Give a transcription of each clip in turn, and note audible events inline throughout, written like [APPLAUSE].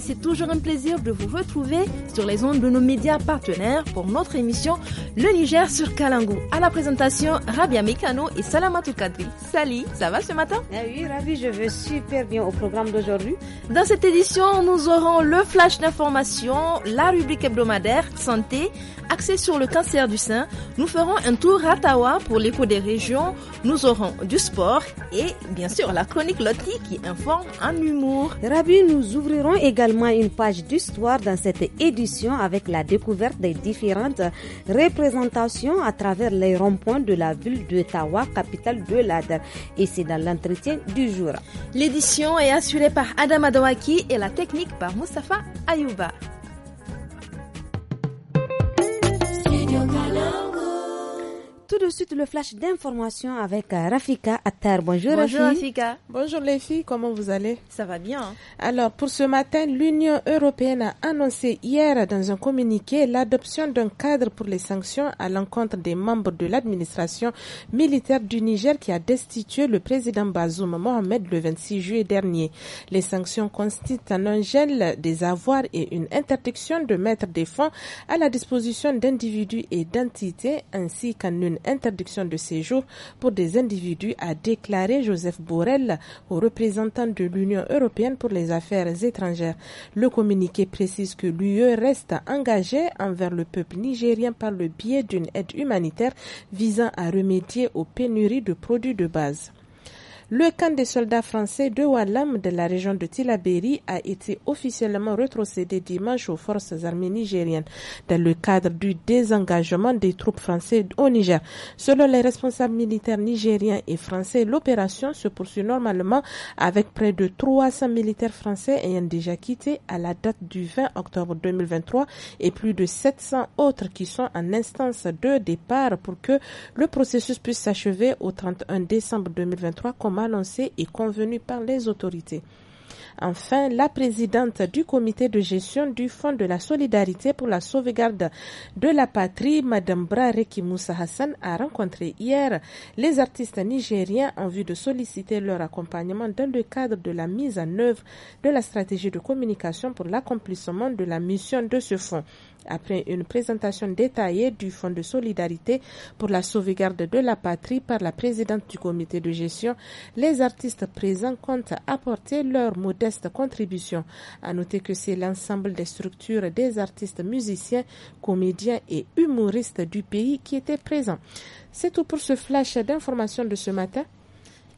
C'est toujours un plaisir de vous retrouver sur les ondes de nos médias partenaires pour notre émission Le Niger sur Kalangou. À la présentation, Rabia Mekano et Salamatou Kadri. Salut, ça va ce matin ah Oui, Ravi, je vais super bien au programme d'aujourd'hui. Dans cette édition, nous aurons le flash d'information, la rubrique hebdomadaire santé, Axé sur le cancer du sein, nous ferons un tour à Tawa pour l'écho des régions, nous aurons du sport et bien sûr la chronique Loti qui informe en humour. Rabi, nous ouvrirons également une page d'histoire dans cette édition avec la découverte des différentes représentations à travers les ronds-points de la ville de Tawa, capitale de l'Ader. Et c'est dans l'entretien du jour. L'édition est assurée par Adam Adawaki et la technique par Mustafa Ayouba. your God. tout de suite le flash d'information avec euh, Rafika Attar. Bonjour, Bonjour Rafika. Bonjour les filles, comment vous allez Ça va bien. Hein. Alors pour ce matin, l'Union européenne a annoncé hier dans un communiqué l'adoption d'un cadre pour les sanctions à l'encontre des membres de l'administration militaire du Niger qui a destitué le président Bazoum Mohamed le 26 juillet dernier. Les sanctions constituent un gel des avoirs et une interdiction de mettre des fonds à la disposition d'individus et d'entités ainsi qu'en une interdiction de séjour pour des individus, a déclaré Joseph Borrell au représentant de l'Union européenne pour les affaires étrangères. Le communiqué précise que l'UE reste engagée envers le peuple nigérien par le biais d'une aide humanitaire visant à remédier aux pénuries de produits de base. Le camp des soldats français de Wallam de la région de Tilaberi a été officiellement retrocédé dimanche aux forces armées nigériennes dans le cadre du désengagement des troupes françaises au Niger. Selon les responsables militaires nigériens et français, l'opération se poursuit normalement avec près de 300 militaires français ayant déjà quitté à la date du 20 octobre 2023 et plus de 700 autres qui sont en instance de départ pour que le processus puisse s'achever au 31 décembre 2023 comme annoncé et convenu par les autorités. Enfin, la présidente du comité de gestion du Fonds de la solidarité pour la sauvegarde de la patrie, Madame Brareki Moussa Hassan, a rencontré hier les artistes nigériens en vue de solliciter leur accompagnement dans le cadre de la mise en œuvre de la stratégie de communication pour l'accomplissement de la mission de ce fonds. Après une présentation détaillée du Fonds de solidarité pour la sauvegarde de la patrie par la présidente du comité de gestion, les artistes présents comptent apporter leur modèle contribution. À noter que c'est l'ensemble des structures des artistes musiciens, comédiens et humoristes du pays qui étaient présents. C'est tout pour ce flash d'information de ce matin.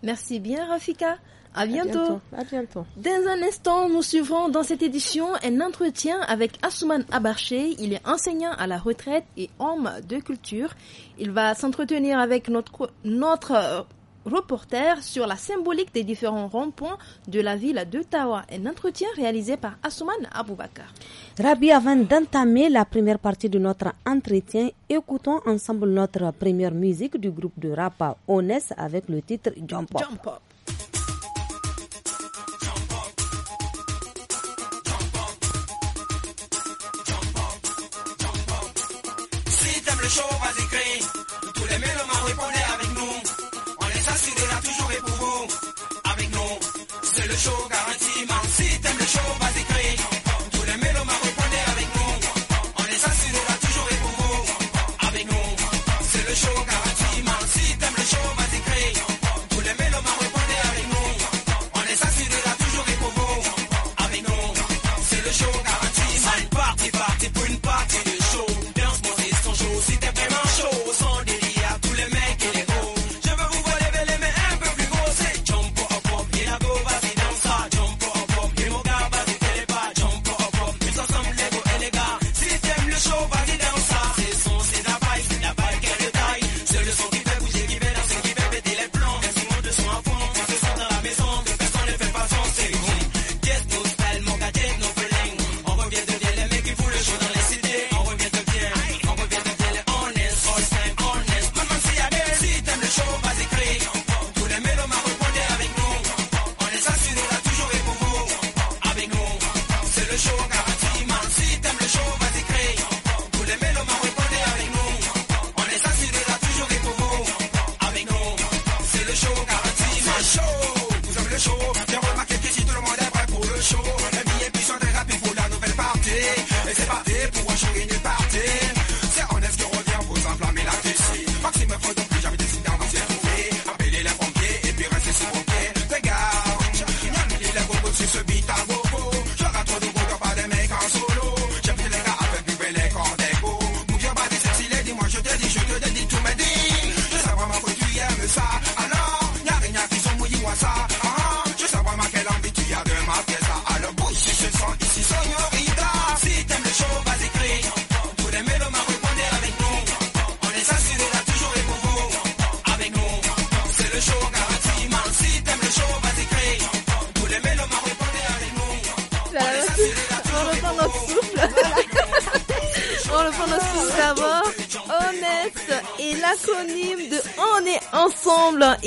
Merci bien, Rafika. À bientôt. À bientôt. Dans un instant, nous suivrons dans cette édition un entretien avec Assouman Abarché. Il est enseignant à la retraite et homme de culture. Il va s'entretenir avec notre, notre reporter sur la symbolique des différents ronds-points de la ville d'Ottawa. un entretien réalisé par Assouman Aboubakar. Rabi, avant d'entamer la première partie de notre entretien, écoutons ensemble notre première musique du groupe de rap Honest avec le titre Jump Jump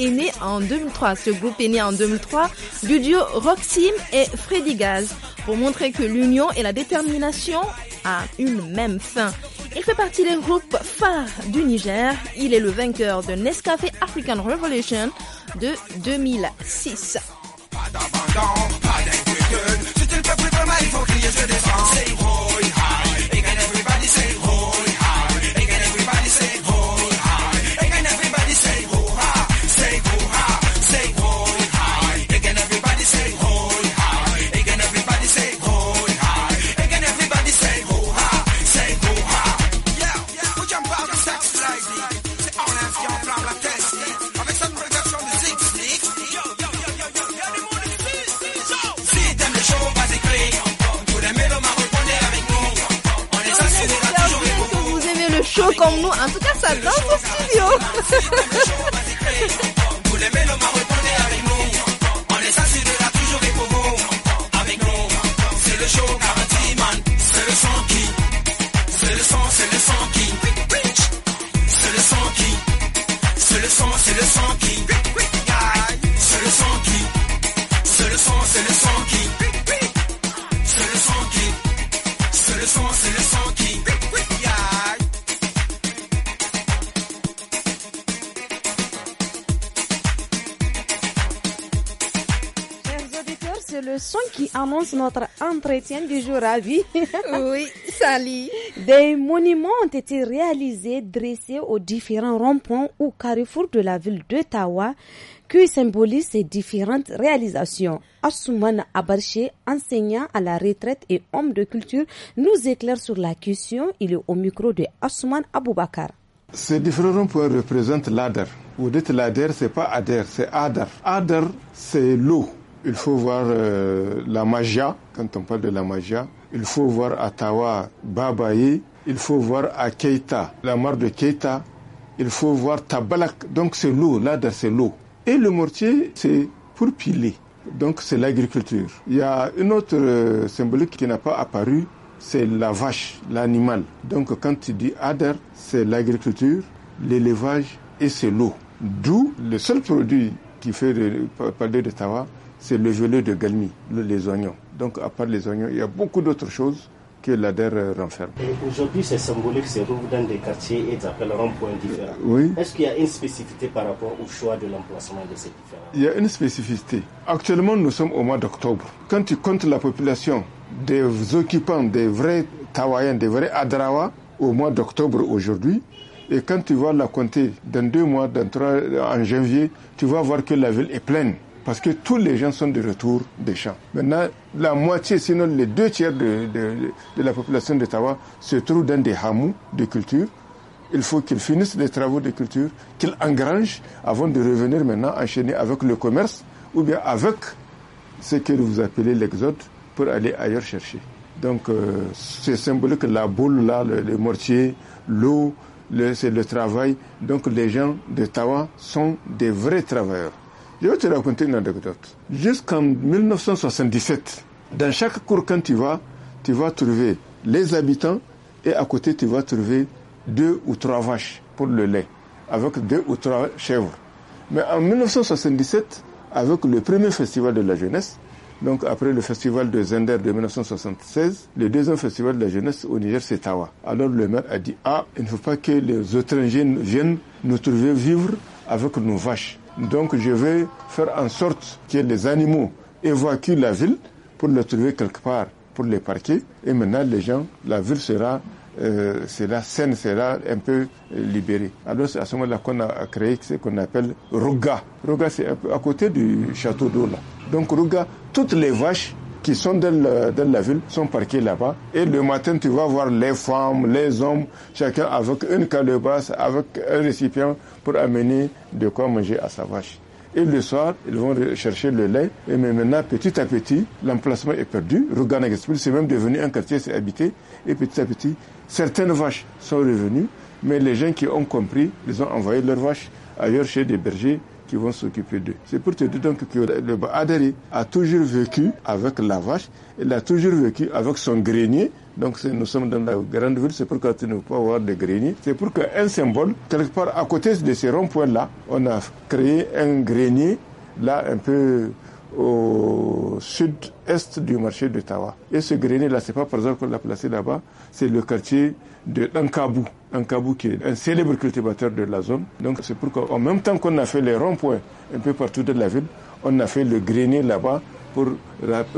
né en 2003. Ce groupe est né en 2003 du duo Roxim et Freddy Gaz pour montrer que l'union et la détermination à une même fin. Il fait partie des groupes phares du Niger. Il est le vainqueur de Nescafé African Revolution de 2006. comme nous. En tout cas, ça danse au studio. [LAUGHS] annonce notre entretien du jour à vie. [LAUGHS] oui, salut. Des monuments ont été réalisés, dressés aux différents ronds-points ou carrefours de la ville d'Ottawa qui symbolisent ces différentes réalisations. Asuman Abarché, enseignant à la retraite et homme de culture, nous éclaire sur la question. Il est au micro de Assouman Aboubakar. Ces différents ronds-points représentent l'ADER. Vous dites l'ADER, c'est pas ADER, c'est ADER. ADER, c'est l'eau il faut voir euh, la magia, quand on parle de la magia, il faut voir Atawa Babaï. il faut voir à Keita, la mare de Keita, il faut voir Tabalak, donc c'est l'eau, là c'est l'eau. Et le mortier, c'est pour piler, donc c'est l'agriculture. Il y a une autre euh, symbolique qui n'a pas apparu, c'est la vache, l'animal. Donc quand tu dis Ader, c'est l'agriculture, l'élevage et c'est l'eau. D'où le seul produit qui fait parler de Tawa, c'est le gelé de Galmi, les oignons. Donc, à part les oignons, il y a beaucoup d'autres choses que l'ADER renferme. Aujourd'hui, c'est symbolique, c'est vous dans des quartiers et appellent points différents. Oui. Est-ce qu'il y a une spécificité par rapport au choix de l'emplacement de ces différents Il y a une spécificité. Actuellement, nous sommes au mois d'octobre. Quand tu comptes la population des occupants, des vrais Tawaïens, des vrais Adrawa, au mois d'octobre aujourd'hui, et quand tu vas la compter dans deux mois, dans trois, en janvier, tu vas voir que la ville est pleine parce que tous les gens sont de retour des champs. Maintenant, la moitié, sinon les deux tiers de, de, la population Tawa se trouve dans des hameaux de culture. Il faut qu'ils finissent les travaux de culture, qu'ils engrangent avant de revenir maintenant enchaîner avec le commerce ou bien avec ce que vous appelez l'exode pour aller ailleurs chercher. Donc euh, c'est symbolique, la boule là, le, mortier, l'eau, le, c'est le travail. Donc les gens de Tawa sont des vrais travailleurs. Je vais te raconter une anecdote. Jusqu'en 1977, dans chaque cour, quand tu vas, tu vas trouver les habitants et à côté, tu vas trouver deux ou trois vaches pour le lait, avec deux ou trois chèvres. Mais en 1977, avec le premier festival de la jeunesse, donc après le festival de Zender de 1976, le deuxième festival de la jeunesse au Niger, c'est Tawa. Alors le maire a dit, ah, il ne faut pas que les étrangers viennent nous trouver vivre avec nos vaches. Donc je vais faire en sorte que les animaux évacuent la ville pour le trouver quelque part, pour les parquer. Et maintenant, les gens, la ville sera, euh, saine, sera un peu euh, libérée. Alors c'est à ce moment-là qu'on a créé ce qu'on appelle Ruga. Ruga, c'est à côté du château d'eau Donc Ruga, toutes les vaches qui sont dans, la ville sont parqués là-bas. Et le matin, tu vas voir les femmes, les hommes, chacun avec une calebasse, avec un récipient pour amener de quoi manger à sa vache. Et le soir, ils vont chercher le lait. Et mais maintenant, petit à petit, l'emplacement est perdu. Rouganagaspil, c'est même devenu un quartier, c'est habité. Et petit à petit, certaines vaches sont revenues. Mais les gens qui ont compris, ils ont envoyé leurs vaches ailleurs chez des bergers qui vont s'occuper d'eux. C'est pour te dire donc que le Bahadari a toujours vécu avec la vache, il a toujours vécu avec son grenier. Donc nous sommes dans la grande ville, c'est pourquoi tu ne veux pas avoir de grenier. C'est pour qu'un symbole, quelque part à côté de ces ronds-points-là, on a créé un grenier, là un peu au sud-est du marché de Tawa. Et ce grenier-là, c'est pas par exemple qu'on l'a placé là-bas, c'est le quartier de Nkabu kabou qui est un célèbre cultivateur de la zone. Donc c'est pourquoi en même temps qu'on a fait les ronds-points un peu partout de la ville, on a fait le grenier là-bas pour,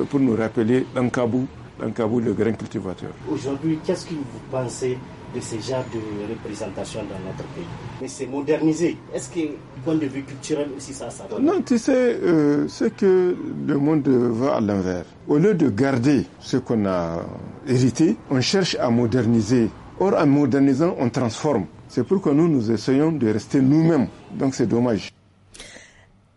pour nous rappeler un cabou, le grain cultivateur. Aujourd'hui, qu'est-ce que vous pensez de ce genre de représentation dans notre pays. Mais c'est modernisé. Est-ce que du point de vue culturel aussi ça, ça Non, tu sais, euh, c'est que le monde va à l'envers. Au lieu de garder ce qu'on a hérité, on cherche à moderniser Or, en modernisant, on transforme. C'est pour que nous, nous essayons de rester nous-mêmes. Donc, c'est dommage.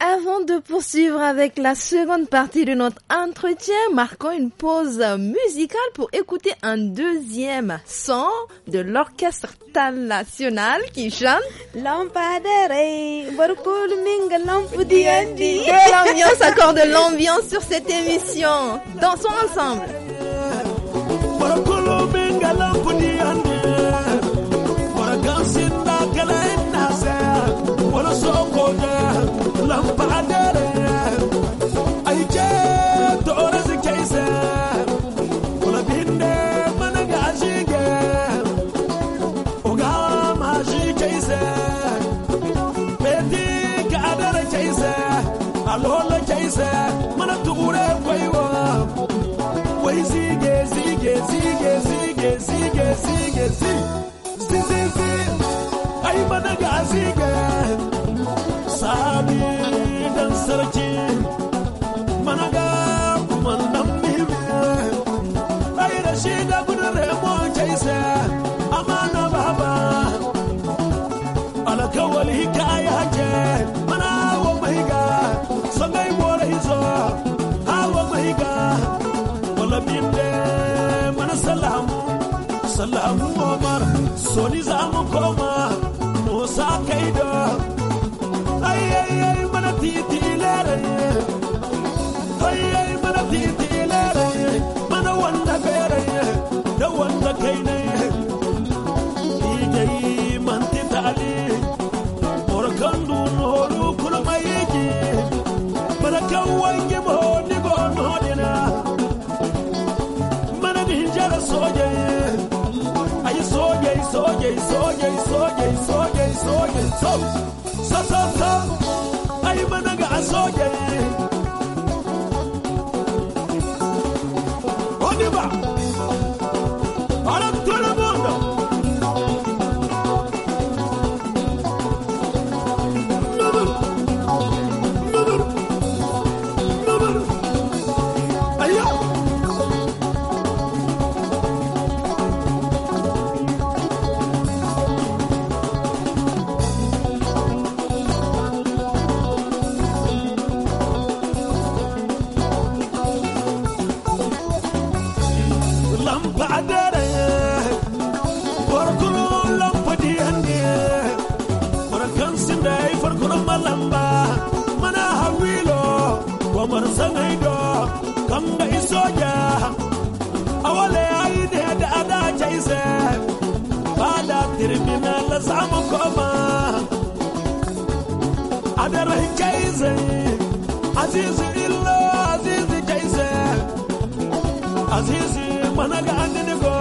Avant de poursuivre avec la seconde partie de notre entretien, marquons une pause musicale pour écouter un deuxième son de l'orchestre National qui chante L'ambiance accorde l'ambiance sur cette émission. Dansons ensemble. zig zig, zig, salamu omar soni za koma musa kaido ai ai ai mana titi soldier? so yeah. koma Adere Kaize Azizi illa Azizi Kaize Azizi managa andinigo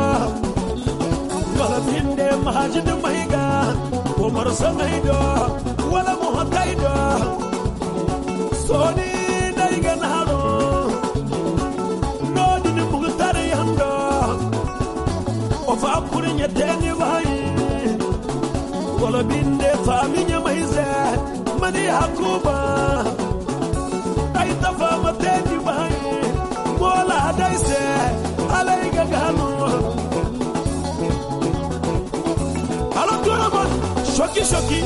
Galapinde mahajid mahiga Umar samaido Wala muhattaido Soni daigan hano Nodini mugtari hando Ofa apuri nyeteni fa faminya maize mani hakuba aita fama tendi bai bola daise alai gagano alo tura bon shoki shoki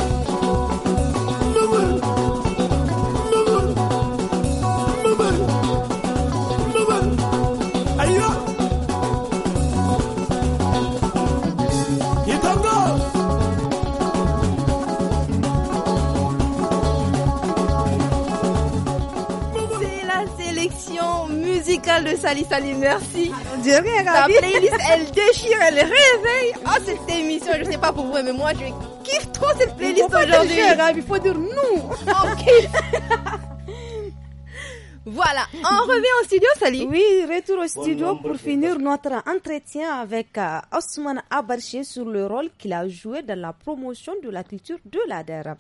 de Sali Sali, merci. Ah, Ta playlist, elle [LAUGHS] déchire, elle réveille. Oh, cette émission, je sais pas pour vous, mais moi, je kiffe trop cette playlist aujourd'hui. Il faut dire nous. Oh, ok. [LAUGHS] Voilà, on [LAUGHS] revient au studio, Sali. Oui, retour au studio pour finir notre entretien avec euh, Osman Abarché sur le rôle qu'il a joué dans la promotion de la culture de l'ADER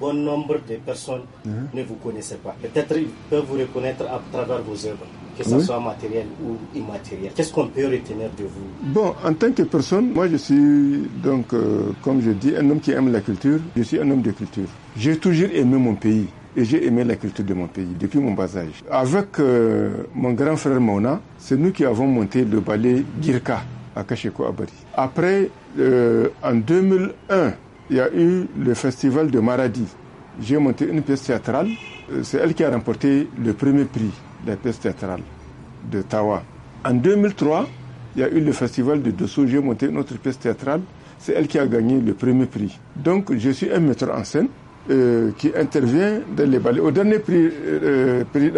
bon nombre de personnes mhm. ne vous connaissaient pas. Peut-être ils peuvent vous reconnaître à travers vos œuvres, que ce soit matériel ou immatériel. Qu'est-ce qu'on peut retenir de vous Bon, en tant que personne, moi je suis donc, euh, comme je dis, un homme qui aime la culture. Je suis un homme de culture. J'ai toujours aimé mon pays et j'ai aimé la culture de mon pays depuis mon bas âge. Avec euh, mon grand frère Mona, c'est nous qui avons monté le ballet Girka à Kacheko Abari. Après, euh, en 2001, il y a eu le festival de Maradi. J'ai monté une pièce théâtrale. Euh, c'est elle qui a remporté le premier prix de la pièce théâtrale de Tawa. En 2003, il y a eu le festival de Dosso. J'ai monté une autre pièce théâtrale. C'est elle qui a gagné le premier prix. Donc, je suis un metteur en scène euh, qui intervient dans les ballets. Au dernier prix, euh, euh prix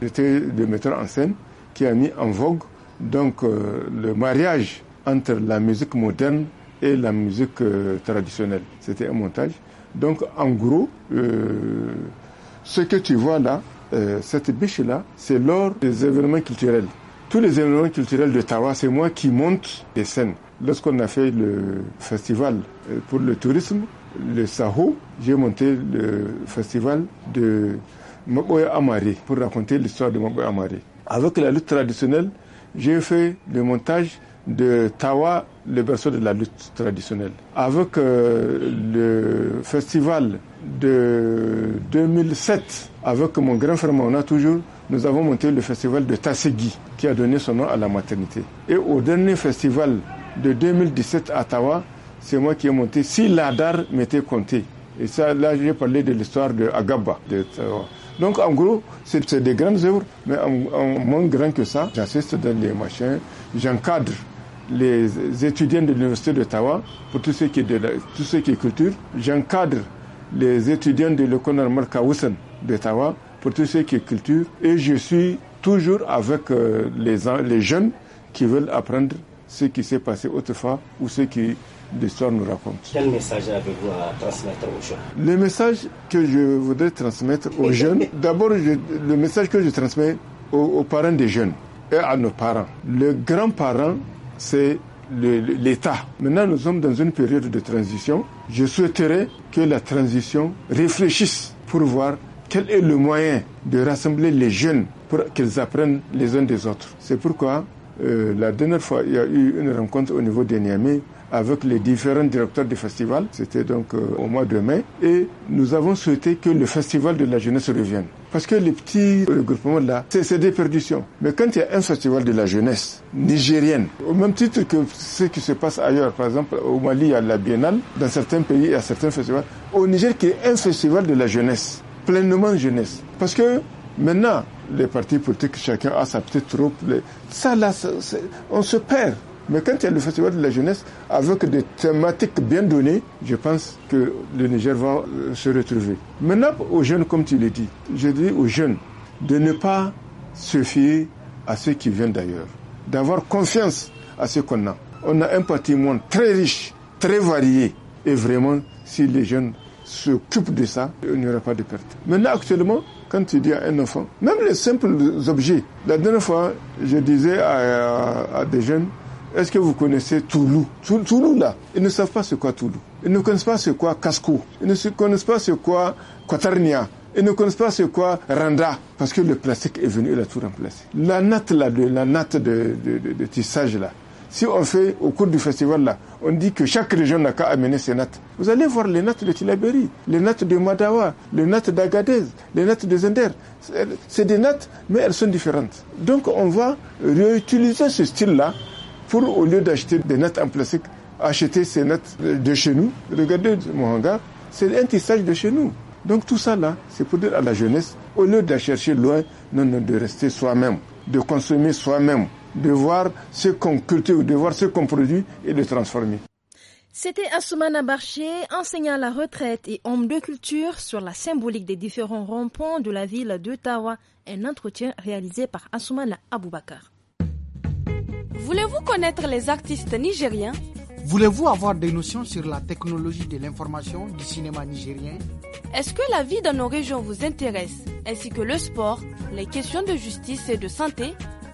j'étais le metteur en scène qui a mis en vogue donc le mariage entre la musique moderne et la musique euh, traditionnelle. C'était un montage. Donc, en gros, euh, ce que tu vois là, euh, cette biche-là, c'est lors des événements culturels. Tous les événements culturels de Tawa, c'est moi qui monte les scènes. Lorsqu'on a fait le festival pour le tourisme, le Saho, j'ai monté le festival de Maboya Amari pour raconter l'histoire de Maboya Amari. Avec la lutte traditionnelle, j'ai fait le montage de Tawa, le berceau de la lutte traditionnelle. Avec euh, le festival de 2007, avec mon grand frère on a toujours, nous avons monté le festival de Tasegui, qui a donné son nom à la maternité. Et au dernier festival de 2017 à Tawa, c'est moi qui ai monté si l'Adar m'était compté. Et ça, là, j'ai parlé de l'histoire de Agaba, de Tawa. Donc, en gros, c'est des grandes œuvres, mais en, moins grand que ça, j'assiste dans les machins, j'encadre les étudiants de l'Université d'Ottawa, pour tout ce qui est, qui culture. J'encadre les étudiants de l'école normale Kawusen d'Ottawa pour tout ce qui est culture. Et je suis toujours avec euh, les, les jeunes qui veulent apprendre ce qui s'est passé autrefois ou ce qui l'histoire nous raconte. Quel message avez-vous à transmettre aux jeunes Le message que je voudrais transmettre aux jeunes, d'abord le message que je transmets aux, aux parents des jeunes et à nos parents. Les grands-parents c'est l'État. Maintenant, nous sommes dans une période de transition. Je souhaiterais que la transition réfléchisse pour voir quel est le moyen de rassembler les jeunes pour qu'ils apprennent les uns des autres. C'est pourquoi euh, la dernière fois, il y a eu une rencontre au niveau des Niamey avec les différents directeurs du festival. C'était donc euh, au mois de mai. Et nous avons souhaité que le festival de la jeunesse revienne. Parce que les petits regroupements là, c'est des perditions. Mais quand il y a un festival de la jeunesse nigérienne, au même titre que ce qui se passe ailleurs, par exemple au Mali, il y a la biennale, dans certains pays, il y a certains festivals. Au Niger, il y a un festival de la jeunesse, pleinement jeunesse. Parce que maintenant, les partis politiques, chacun a sa petite troupe. Ça, là, on se perd. Mais quand il y a le festival de la jeunesse, avec des thématiques bien données, je pense que le Niger va euh, se retrouver. Maintenant, aux jeunes, comme tu l'as dit, je dis aux jeunes de ne pas se fier à ceux qui viennent d'ailleurs, d'avoir confiance à ce qu'on a. On a un patrimoine très riche, très varié, et vraiment, si les jeunes s'occupent de ça, il n'y aura pas de perte. Maintenant, actuellement, quand tu dis à un enfant, même les simples objets. La dernière fois, je disais à, des jeunes, est-ce que vous connaissez Toulou Toulou, là, ils ne savent pas ce qu'est Toulou. Ils ne connaissent pas ce qu'est Casco. Ils ne connaissent pas ce qu'est Quatarnia. Ils ne connaissent pas ce qu'est Randa. Parce que le plastique est venu, il a tout remplacé. La natte, là, de, la natte de tissage, là, si on fait au cours du festival là, on dit que chaque région n'a qu'à amener ses nattes. Vous allez voir les nattes de Tilaberi, les nattes de Madawa, les nattes d'Agadez, les nattes de Zender. C'est des nattes, mais elles sont différentes. Donc on va réutiliser ce style-là pour, au lieu d'acheter des nattes en plastique, acheter ces nattes de chez nous. Regardez mon hangar, c'est un tissage de chez nous. Donc tout ça là, c'est pour dire à la jeunesse, au lieu de chercher loin, non, non, de rester soi-même, de consommer soi-même de voir ce qu'on cultive, de voir ce qu'on produit et de transformer. C'était Assoumana Barché, enseignant à la retraite et homme de culture sur la symbolique des différents ronds-points de la ville d'Ottawa, un entretien réalisé par Assoumana Aboubakar. Voulez-vous connaître les artistes nigériens Voulez-vous avoir des notions sur la technologie de l'information du cinéma nigérien Est-ce que la vie dans nos régions vous intéresse, ainsi que le sport, les questions de justice et de santé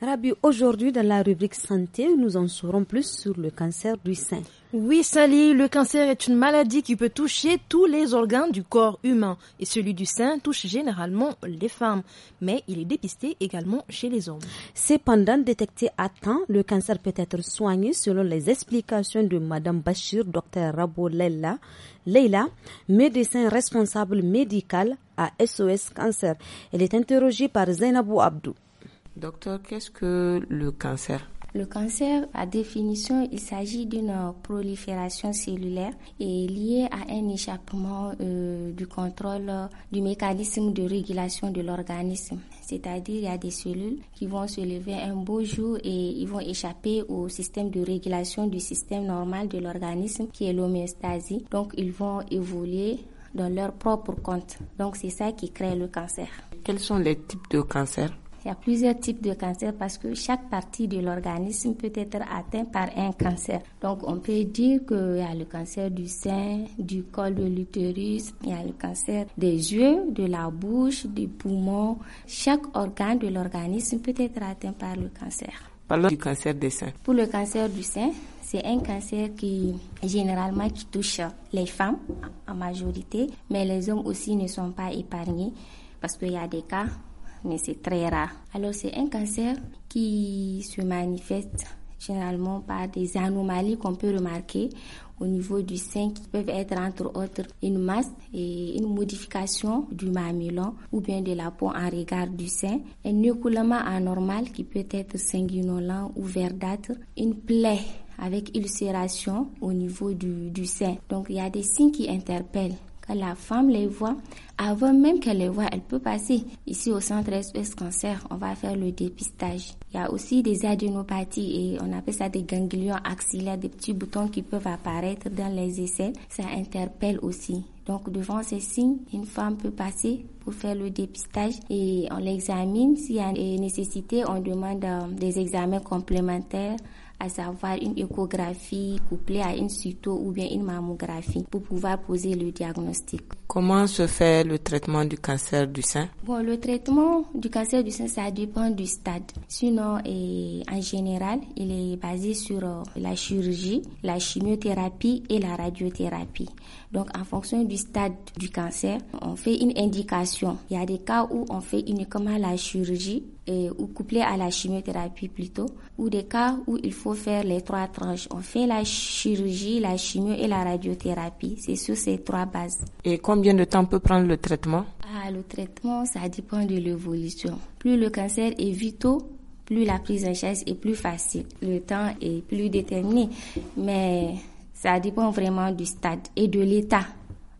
Rabi, aujourd'hui dans la rubrique santé, nous en saurons plus sur le cancer du sein. Oui, Sally, le cancer est une maladie qui peut toucher tous les organes du corps humain et celui du sein touche généralement les femmes, mais il est dépisté également chez les hommes. Cependant, détecté à temps, le cancer peut être soigné selon les explications de Madame Bachir, docteur Rabo Leila, Leila, médecin responsable médical à SOS Cancer. Elle est interrogée par Zainabou Abdou. Docteur, qu'est-ce que le cancer le cancer, à définition, il s'agit d'une prolifération cellulaire et liée à un échappement euh, du contrôle du mécanisme de régulation de l'organisme. C'est-à-dire, il y a des cellules qui vont se lever un beau jour et ils vont échapper au système de régulation du système normal de l'organisme qui est l'homéostasie. Donc, ils vont évoluer dans leur propre compte. Donc, c'est ça qui crée le cancer. Quels sont les types de cancers il y a plusieurs types de cancers parce que chaque partie de l'organisme peut être atteinte par un cancer. Donc on peut dire qu'il y a le cancer du sein, du col de l'utérus, il y a le cancer des yeux, de la bouche, des poumons. Chaque organe de l'organisme peut être atteint par le cancer. Parlons du cancer des seins. Pour le cancer du sein, c'est un cancer qui généralement qui touche les femmes en majorité, mais les hommes aussi ne sont pas épargnés parce qu'il y a des cas mais c'est très rare. Alors c'est un cancer qui se manifeste généralement par des anomalies qu'on peut remarquer au niveau du sein qui peuvent être entre autres une masse et une modification du mamelon ou bien de la peau en regard du sein, un écoulement anormal qui peut être sanguinolent ou verdâtre, une plaie avec ulcération au niveau du, du sein. Donc il y a des signes qui interpellent la femme les voit, avant même qu'elle les voit, elle peut passer. Ici au centre espèce cancer, on va faire le dépistage. Il y a aussi des adénopathies et on appelle ça des ganglions axillaires, des petits boutons qui peuvent apparaître dans les aisselles. Ça interpelle aussi. Donc devant ces signes, une femme peut passer pour faire le dépistage et on l'examine. S'il y a nécessité, on demande euh, des examens complémentaires à savoir une échographie couplée à une cito ou bien une mammographie pour pouvoir poser le diagnostic. Comment se fait le traitement du cancer du sein Bon, le traitement du cancer du sein, ça dépend du stade. Sinon, et eh, en général, il est basé sur euh, la chirurgie, la chimiothérapie et la radiothérapie. Donc, en fonction du stade du cancer, on fait une indication. Il y a des cas où on fait uniquement la chirurgie ou couplé à la chimiothérapie plutôt, ou des cas où il faut faire les trois tranches. On fait la chirurgie, la chimio et la radiothérapie. C'est sur ces trois bases. Et combien de temps peut prendre le traitement ah, Le traitement, ça dépend de l'évolution. Plus le cancer est vitaux, plus la prise en charge est plus facile. Le temps est plus déterminé. Mais ça dépend vraiment du stade et de l'état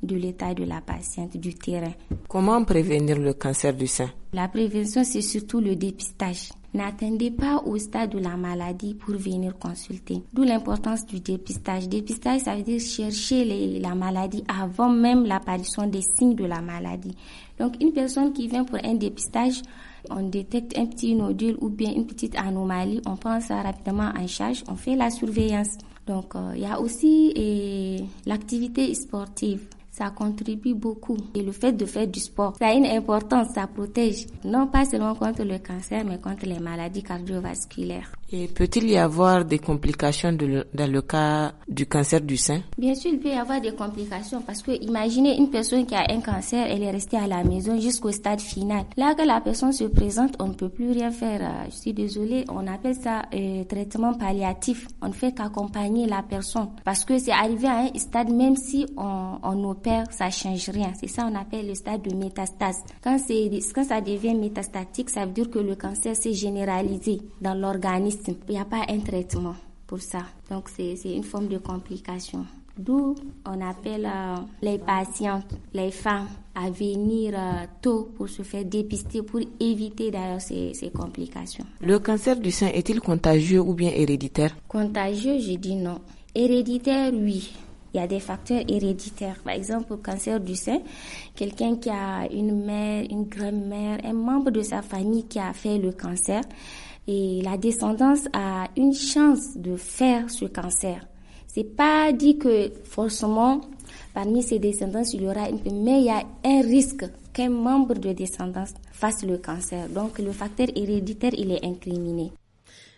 de l'état de la patiente, du terrain. Comment prévenir le cancer du sein La prévention, c'est surtout le dépistage. N'attendez pas au stade de la maladie pour venir consulter. D'où l'importance du dépistage. Dépistage, ça veut dire chercher la maladie avant même l'apparition des signes de la maladie. Donc, une personne qui vient pour un dépistage, on détecte un petit nodule ou bien une petite anomalie, on prend ça rapidement en charge, on fait la surveillance. Donc, euh, il y a aussi l'activité sportive ça contribue beaucoup. Et le fait de faire du sport, ça a une importance, ça protège, non pas seulement contre le cancer, mais contre les maladies cardiovasculaires. Et peut-il y avoir des complications dans le cas du cancer du sein Bien sûr, il peut y avoir des complications parce que imaginez une personne qui a un cancer, elle est restée à la maison jusqu'au stade final. Là que la personne se présente, on ne peut plus rien faire. Euh, je suis désolée, on appelle ça euh, traitement palliatif. On ne fait qu'accompagner la personne parce que c'est arrivé à un stade, même si on, opère, ça change rien. C'est ça on appelle le stade de métastase. Quand, quand ça devient métastatique, ça veut dire que le cancer s'est généralisé dans l'organisme. Il n'y a pas un traitement pour ça. Donc c'est une forme de complication. D'où on appelle euh, les patientes, les femmes à venir euh, tôt pour se faire dépister, pour éviter d'ailleurs ces, ces, complications. Le cancer du sein est-il contagieux ou bien héréditaire Contagieux, je dis non. Héréditaire, oui. Il y a des facteurs héréditaires. Par exemple, le cancer du sein, quelqu'un qui a une mère, une grand-mère, un membre de sa famille qui a fait le cancer, et la descendance a une chance de faire ce cancer. C'est pas dit que forcément parmi ces descendants il y aura une mais il y a un risque qu'un membre de descendance fasse le cancer. Donc le facteur héréditaire il est incriminé.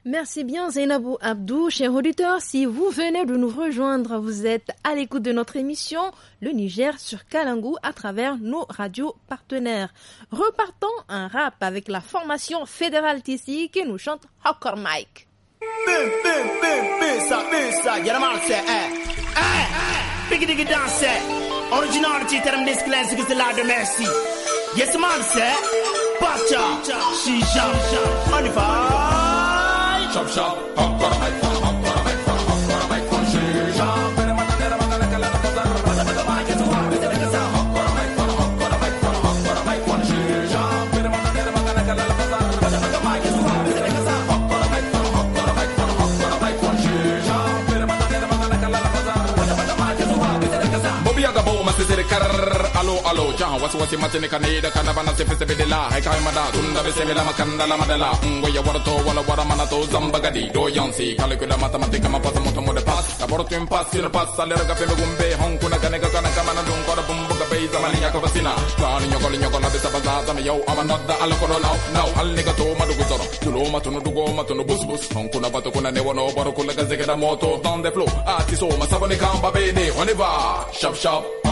Merci bien Zainabou Abdou. Chers auditeurs, si vous venez de nous rejoindre, vous êtes à l'écoute de notre émission Le Niger sur Kalangou à travers nos radios partenaires. Repartons un rap avec la formation fédérale Tissi qui nous chante Hawker Mike. chop shop, hop, hop, hop. alo jaha wasi wasi matini ka nida kana bana sifi sifi dila hai kai mada tunda bi simi lama kanda lama dala ngo ya warato wala wara mana to zamba gadi do yansi kalikula matematika mapasa moto mode pas aboro tu impas sila pas salera ka pembe gumbe hong kuna kane ka kana kama na dung kora bumbu ka pei zamani ya ka basina kwani nyoko nyoko la bisa baza zame yo ama nodda al koro now now al nika to madu guzoro tulo matunu dugo matunu bus bus hong kuna bato kuna ne wano. baro kula ka zikeda moto down the flow artist o masabone kamba bene oniva shop shop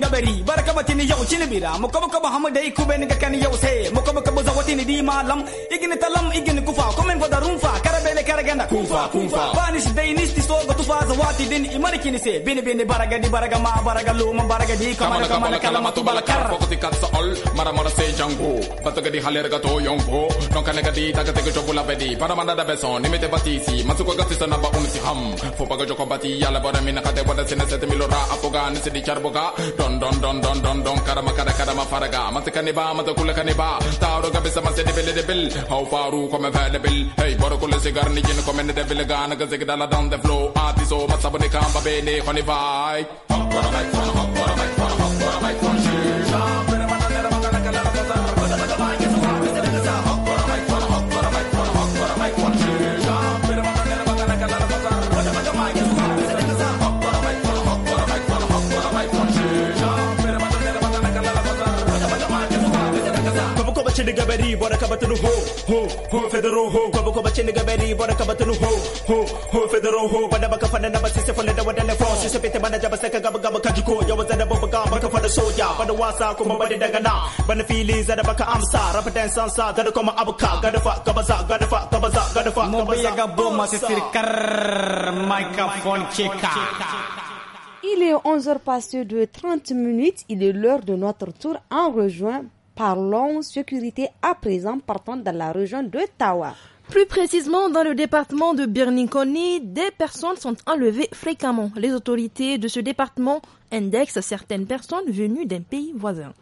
ni gabari baraka batini yau cinibira muka muka bahamudai kube ni gakani yau se muka muka buzawatini di malam igini talam igini kufa komen fada rumfa karabele Kufa kufa. kunfa banish dai nisti soga tufa zawati din kini se bini bini baraga di baraga ma baraga luma baraga di kamana kamana kalama tu balakar fokuti katsa ol mara mara se jango bataga di halerga to yongo nonka nega di taga tega jokula bedi para manda da beson nimete batisi masuko gatisa naba umsi ham fopaga jokombati yala bara mina kate wada sina sete milora apoga nisi di charboga don don don don don don don karama kada karama faraga mata kaniba mata kula kaniba tauro gabisa masa de bille de bill how faru come vele hey boro kula cigar ni jin come ne de bill gana gaze dala down the flow artist so masa bone kamba bene honey vibe hop bora mic hop bora mic hop bacene gabari bora kabatulu ho ho ho federo ho kwabo ko bacene gabari bora kabatulu ho ho ho federo ho bada baka fana na basise fole da wadana fo sise pete bana jaba saka gaba gaba kajuko yawa zada baba gaba baka fada soja bada wasa kuma bada daga na bana fili zada baka amsa rapa dan sansa gada kuma abuka gada fa gaba za gada fa gaba za gada fa gaba za gaba boma sirkar microphone cheka Il est 11h passé de 30 minutes. Il est l'heure de notre tour. En rejoint Parlons sécurité à présent, partant dans la région de Tawa. Plus précisément, dans le département de Birnikoni, des personnes sont enlevées fréquemment. Les autorités de ce département indexent certaines personnes venues d'un pays voisin.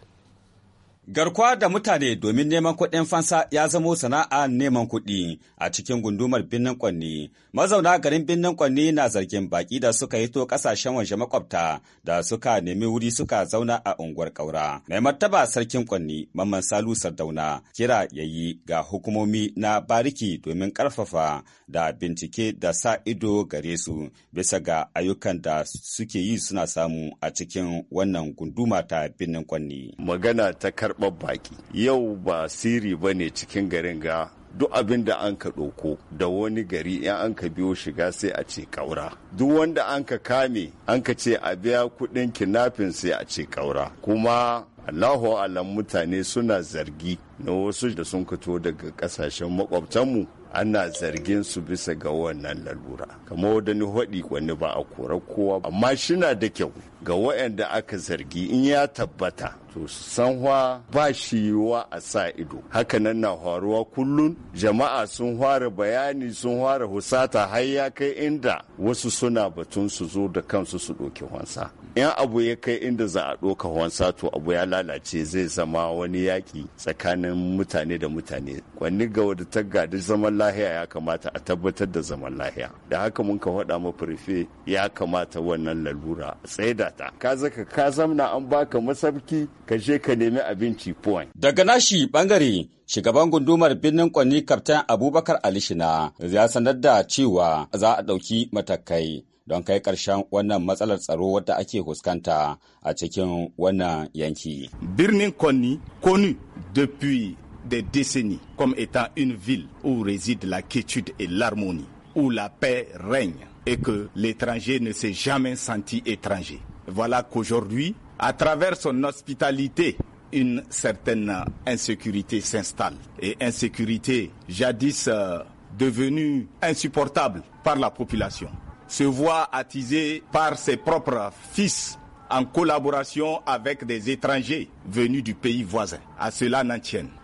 Garkuwa da mutane domin neman kuɗin fansa ya zamo sana'a neman kuɗi a cikin gundumar birnin Kwanni. Mazauna garin birnin Kwanni na zargin baƙi da suka hito ƙasashen waje makwabta da suka nemi wuri suka zauna a unguwar ƙaura. Mai martaba sarkin Kwanni, Mamman Salu Sardauna, kira yayi ga hukumomi na bariki domin ƙarfafa da bincike da sa ido gare su bisa ga ayyukan da suke yi suna samu a cikin wannan gunduma ta birnin Kwanni. Magana ta karɓar baƙi yau ba siri ba ne cikin garin ga duk abin da an ka ɗauko da wani gari in an ka biyo shiga sai a ce ƙaura duk wanda an ka kame an ka ce a biya kuɗin kinafin sai a ce ƙaura kuma Allahu alam mutane suna zargi na wasu da sun fito daga kasashen makwabtanmu ana zargin su bisa ga wannan lalura kamar wadda ni haɗi wani ba a kora kowa amma shina da kyau ga waɗanda aka zargi in ya tabbata san sanwa ba shi yiwuwa a sa ido hakanan na faruwa kullun jama'a sun fara bayani sun fara husata har ya kai inda wasu suna batun su zo da kansu su ɗauki wansa in abu ya kai inda za a ɗauka wansa to abu ya lalace zai zama wani yaki tsakanin mutane da mutane wani ga wadda ta gadi zaman lahiya ya kamata a tabbatar da zaman lahiya da haka mun ka faɗa ma furfe ya kamata wannan lalura tsaida ta ka zaka ka zamna an baka masabki ka je ka nemi abinci point. Daga nashi bangare shugaban gundumar birnin kwanni kaftan abubakar alishina ya sanar da cewa za a ɗauki matakai don kai ƙarshen wannan matsalar tsaro wadda ake fuskanta a cikin wannan yanki. Birnin Konni, connu depuis des décennies comme étant une ville où réside la quiétude et l'harmonie, où la paix règne et que l'étranger ne s'est jamais senti étranger. Voilà qu'aujourd'hui, à travers son hospitalité, une certaine insécurité s'installe. Et insécurité, jadis euh, devenue insupportable par la population, se voit attisée par ses propres fils en collaboration avec des étrangers venus du pays voisin. À cela n'en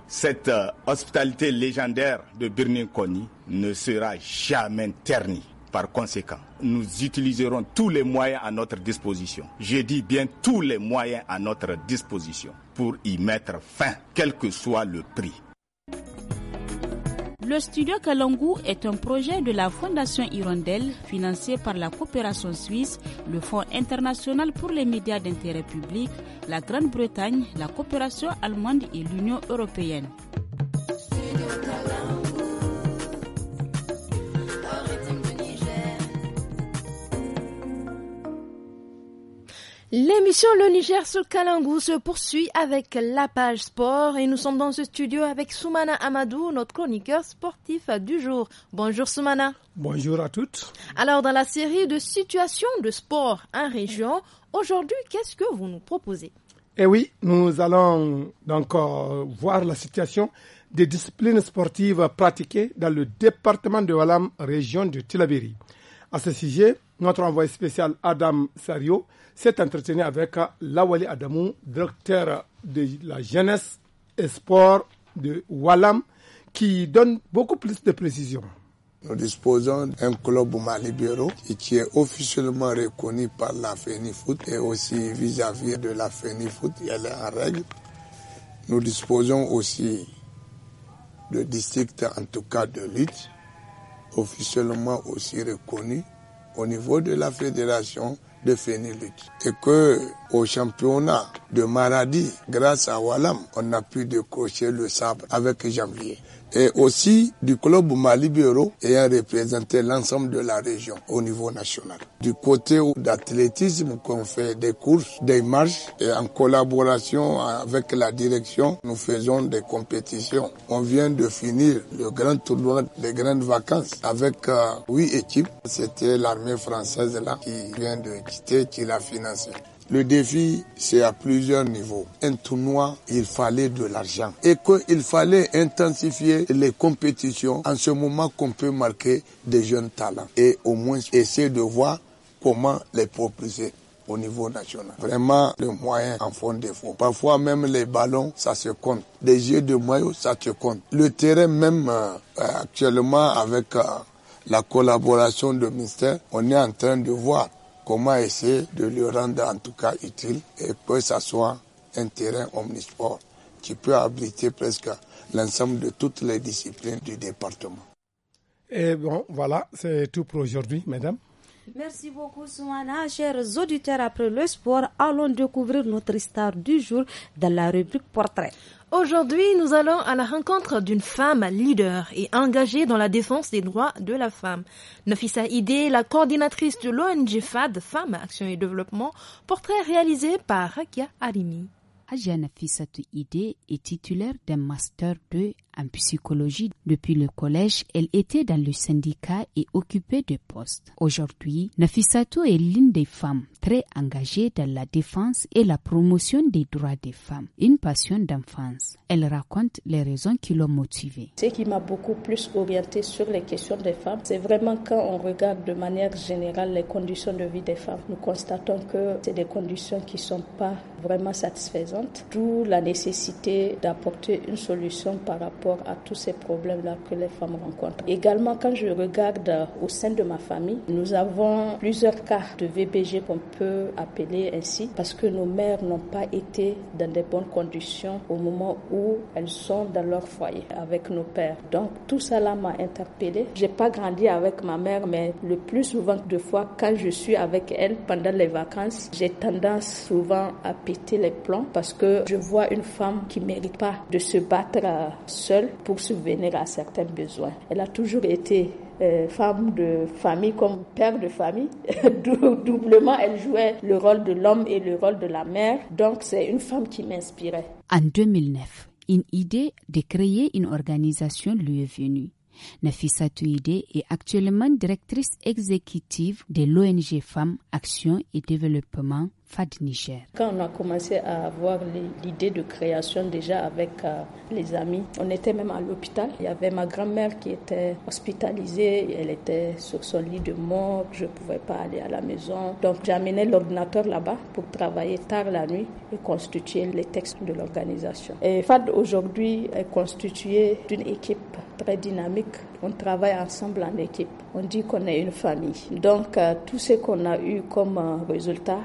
Cette euh, hospitalité légendaire de Birninkoni ne sera jamais ternie par conséquent, nous utiliserons tous les moyens à notre disposition. Je dis bien tous les moyens à notre disposition pour y mettre fin, quel que soit le prix. Le studio Kalangu est un projet de la Fondation Hirondelle financé par la coopération suisse, le Fonds international pour les médias d'intérêt public, la Grande-Bretagne, la coopération allemande et l'Union européenne. L'émission Le Niger sur Kalangou se poursuit avec la page sport et nous sommes dans ce studio avec Soumana Amadou, notre chroniqueur sportif du jour. Bonjour Soumana. Bonjour à toutes. Alors dans la série de situations de sport en région, aujourd'hui qu'est-ce que vous nous proposez Eh oui, nous allons donc euh, voir la situation des disciplines sportives pratiquées dans le département de Walam, région de Tilabiri. À ce sujet, notre envoyé spécial Adam Sario s'est entretenu avec Lawali Adamou, directeur de la jeunesse et sport de Walam, qui donne beaucoup plus de précisions. Nous disposons d'un club malibéro qui est officiellement reconnu par la FENIFOOT et aussi vis-à-vis de la FENIFOOT, elle est en règle. Nous disposons aussi de districts, en tout cas de lutte, officiellement aussi reconnu au niveau de la fédération de Fénilut. Et que au championnat de Maradi, grâce à Walam, on a pu décrocher le sabre avec janvier et aussi du club Mali Bureau ayant représenté l'ensemble de la région au niveau national. Du côté d'athlétisme, qu'on fait des courses, des marches et en collaboration avec la direction, nous faisons des compétitions. On vient de finir le grand tournoi des grandes vacances avec euh, huit équipes. C'était l'armée française là qui vient de quitter, qui l'a financé. Le défi, c'est à plusieurs niveaux. Un tournoi, il fallait de l'argent. Et qu'il fallait intensifier les compétitions en ce moment qu'on peut marquer des jeunes talents. Et au moins essayer de voir comment les proposer au niveau national. Vraiment, le moyen en font défaut. Parfois même les ballons, ça se compte. des yeux de maillot, ça se compte. Le terrain même, euh, euh, actuellement, avec euh, la collaboration de ministère, on est en train de voir comment essayer de le rendre en tout cas utile et que ça soit un terrain omnisport qui peut abriter presque l'ensemble de toutes les disciplines du département. Et eh bon, voilà, c'est tout pour aujourd'hui, mesdames. Merci beaucoup, souana, Chers auditeurs, après le sport, allons découvrir notre star du jour dans la rubrique Portrait. Aujourd'hui, nous allons à la rencontre d'une femme leader et engagée dans la défense des droits de la femme. Nafisa Ide, la coordinatrice de l'ONG FAD, Femmes, Action et Développement, portrait réalisé par Rakia Arimi. Aja Nafisa est titulaire d'un Master 2 en psychologie, depuis le collège, elle était dans le syndicat et occupait des postes. Aujourd'hui, Nafisato est l'une des femmes très engagées dans la défense et la promotion des droits des femmes, une passion d'enfance. Elle raconte les raisons qui l'ont motivée. Ce qui m'a beaucoup plus orientée sur les questions des femmes, c'est vraiment quand on regarde de manière générale les conditions de vie des femmes. Nous constatons que c'est des conditions qui ne sont pas vraiment satisfaisantes, d'où la nécessité d'apporter une solution par rapport à tous ces problèmes-là que les femmes rencontrent. Également, quand je regarde au sein de ma famille, nous avons plusieurs cas de VBG qu'on peut appeler ainsi parce que nos mères n'ont pas été dans des bonnes conditions au moment où elles sont dans leur foyer avec nos pères. Donc tout cela m'a interpellée. J'ai pas grandi avec ma mère, mais le plus souvent deux fois quand je suis avec elle pendant les vacances, j'ai tendance souvent à péter les plombs parce que je vois une femme qui mérite pas de se battre euh, seule pour subvenir à certains besoins. Elle a toujours été euh, femme de famille comme père de famille. [LAUGHS] Doublement, elle jouait le rôle de l'homme et le rôle de la mère. Donc, c'est une femme qui m'inspirait. En 2009, une idée de créer une organisation lui est venue. Nafisa Touide est actuellement directrice exécutive de l'ONG Femmes, Action et Développement Fad Niger. Quand on a commencé à avoir l'idée de création déjà avec euh, les amis, on était même à l'hôpital. Il y avait ma grand-mère qui était hospitalisée, elle était sur son lit de mort, je ne pouvais pas aller à la maison. Donc j'amenais l'ordinateur là-bas pour travailler tard la nuit et constituer les textes de l'organisation. Et Fad aujourd'hui est constitué d'une équipe très dynamique. On travaille ensemble en équipe. On dit qu'on est une famille. Donc euh, tout ce qu'on a eu comme euh, résultat,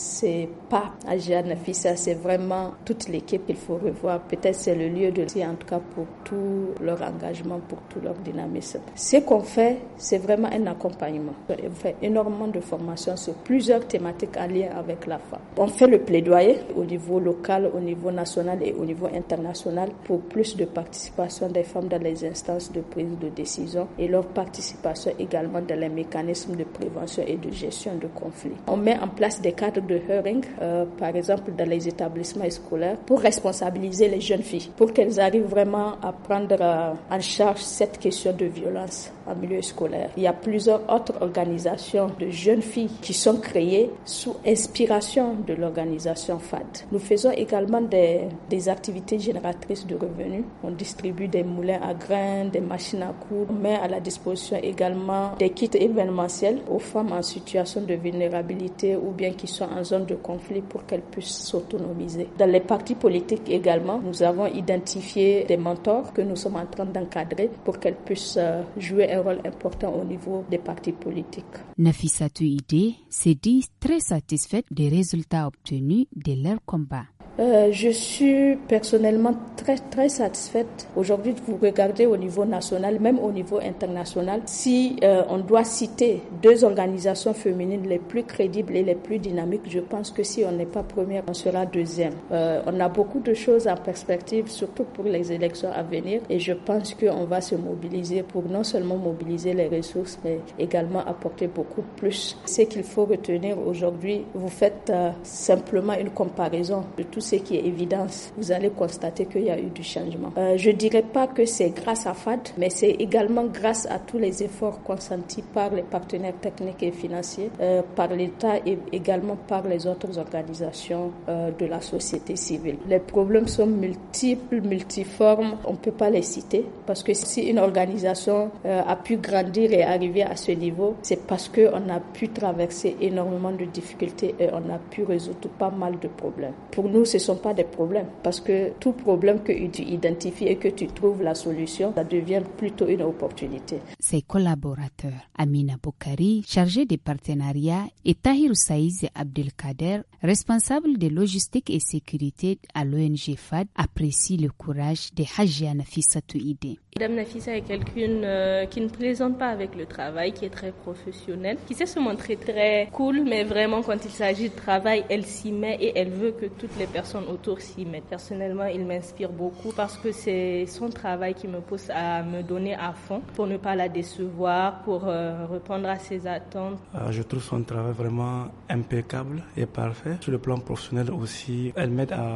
c'est pas Agia Nafisa, c'est vraiment toute l'équipe qu'il faut revoir. Peut-être c'est le lieu de en tout cas pour tout leur engagement, pour tout leur dynamisme. Ce qu'on fait, c'est vraiment un accompagnement. On fait énormément de formations sur plusieurs thématiques en lien avec la femme. On fait le plaidoyer au niveau local, au niveau national et au niveau international pour plus de participation des femmes dans les instances de prise de décision et leur participation également dans les mécanismes de prévention et de gestion de conflits. On met en place des cadres de hearing, euh, par exemple dans les établissements scolaires, pour responsabiliser les jeunes filles, pour qu'elles arrivent vraiment à prendre euh, en charge cette question de violence milieu scolaire. Il y a plusieurs autres organisations de jeunes filles qui sont créées sous inspiration de l'organisation FAD. Nous faisons également des, des activités génératrices de revenus. On distribue des moulins à grains, des machines à coudre. On met à la disposition également des kits événementiels aux femmes en situation de vulnérabilité ou bien qui sont en zone de conflit pour qu'elles puissent s'autonomiser. Dans les partis politiques également, nous avons identifié des mentors que nous sommes en train d'encadrer pour qu'elles puissent euh, jouer un rôle important au niveau des partis politiques. Nafisa Ide s'est dit très satisfaite des résultats obtenus de leur combat. Euh, je suis personnellement très très satisfaite. Aujourd'hui, vous regardez au niveau national, même au niveau international, si euh, on doit citer deux organisations féminines les plus crédibles et les plus dynamiques, je pense que si on n'est pas première, on sera deuxième. Euh, on a beaucoup de choses en perspective, surtout pour les élections à venir, et je pense qu'on va se mobiliser pour non seulement mobiliser les ressources, mais également apporter beaucoup plus. Ce qu'il faut retenir aujourd'hui, vous faites euh, simplement une comparaison de tout ce qui est évidence. Vous allez constater qu'il y a eu du changement. Euh, je ne dirais pas que c'est grâce à FAD, mais c'est également grâce à tous les efforts consentis par les partenaires techniques et financiers, euh, par l'État et également par les autres organisations de la société civile. Les problèmes sont multiples, multiformes. On ne peut pas les citer parce que si une organisation a pu grandir et arriver à ce niveau, c'est parce qu'on a pu traverser énormément de difficultés et on a pu résoudre pas mal de problèmes. Pour nous, ce ne sont pas des problèmes parce que tout problème que tu identifies et que tu trouves la solution, ça devient plutôt une opportunité. Ses collaborateurs, Amina Bokari, chargée des partenariats, et Tahir Saïz Abdelkader, responsable de logistique et sécurité à l'ONG FAD, apprécient le courage de Haji Nafissa Touidé. Madame Nafissa est quelqu'une euh, qui ne plaisante pas avec le travail, qui est très professionnel, qui sait se montrer très cool, mais vraiment quand il s'agit de travail, elle s'y met et elle veut que toutes les personnes autour s'y mettent. Personnellement, il m'inspire beaucoup parce que c'est son travail qui me pousse à me donner à fond pour ne pas la décevoir, pour euh, répondre à ses attentes. Ah, je trouve son travail vraiment impeccable et parfait. Sur le plan professionnel aussi, elle m'aide à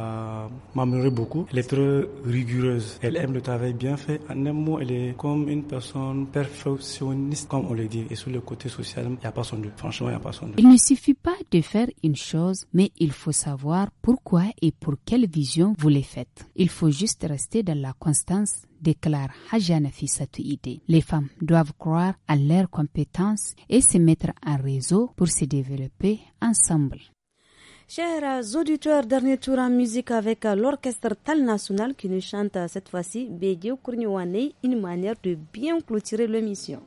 m'améliorer beaucoup. Elle est très rigoureuse. Elle aime le travail bien fait. En un mot, elle est comme une personne il ne suffit pas de faire une chose, mais il faut savoir pourquoi et pour quelle vision vous les faites. Il faut juste rester dans la constance déclare cette idée Les femmes doivent croire à leurs compétences et se mettre en réseau pour se développer ensemble. Chers auditeurs, dernier tour en musique avec euh, l'orchestre Tal National qui nous chante euh, cette fois-ci Bédio Kourniwane, une manière de bien clôturer l'émission.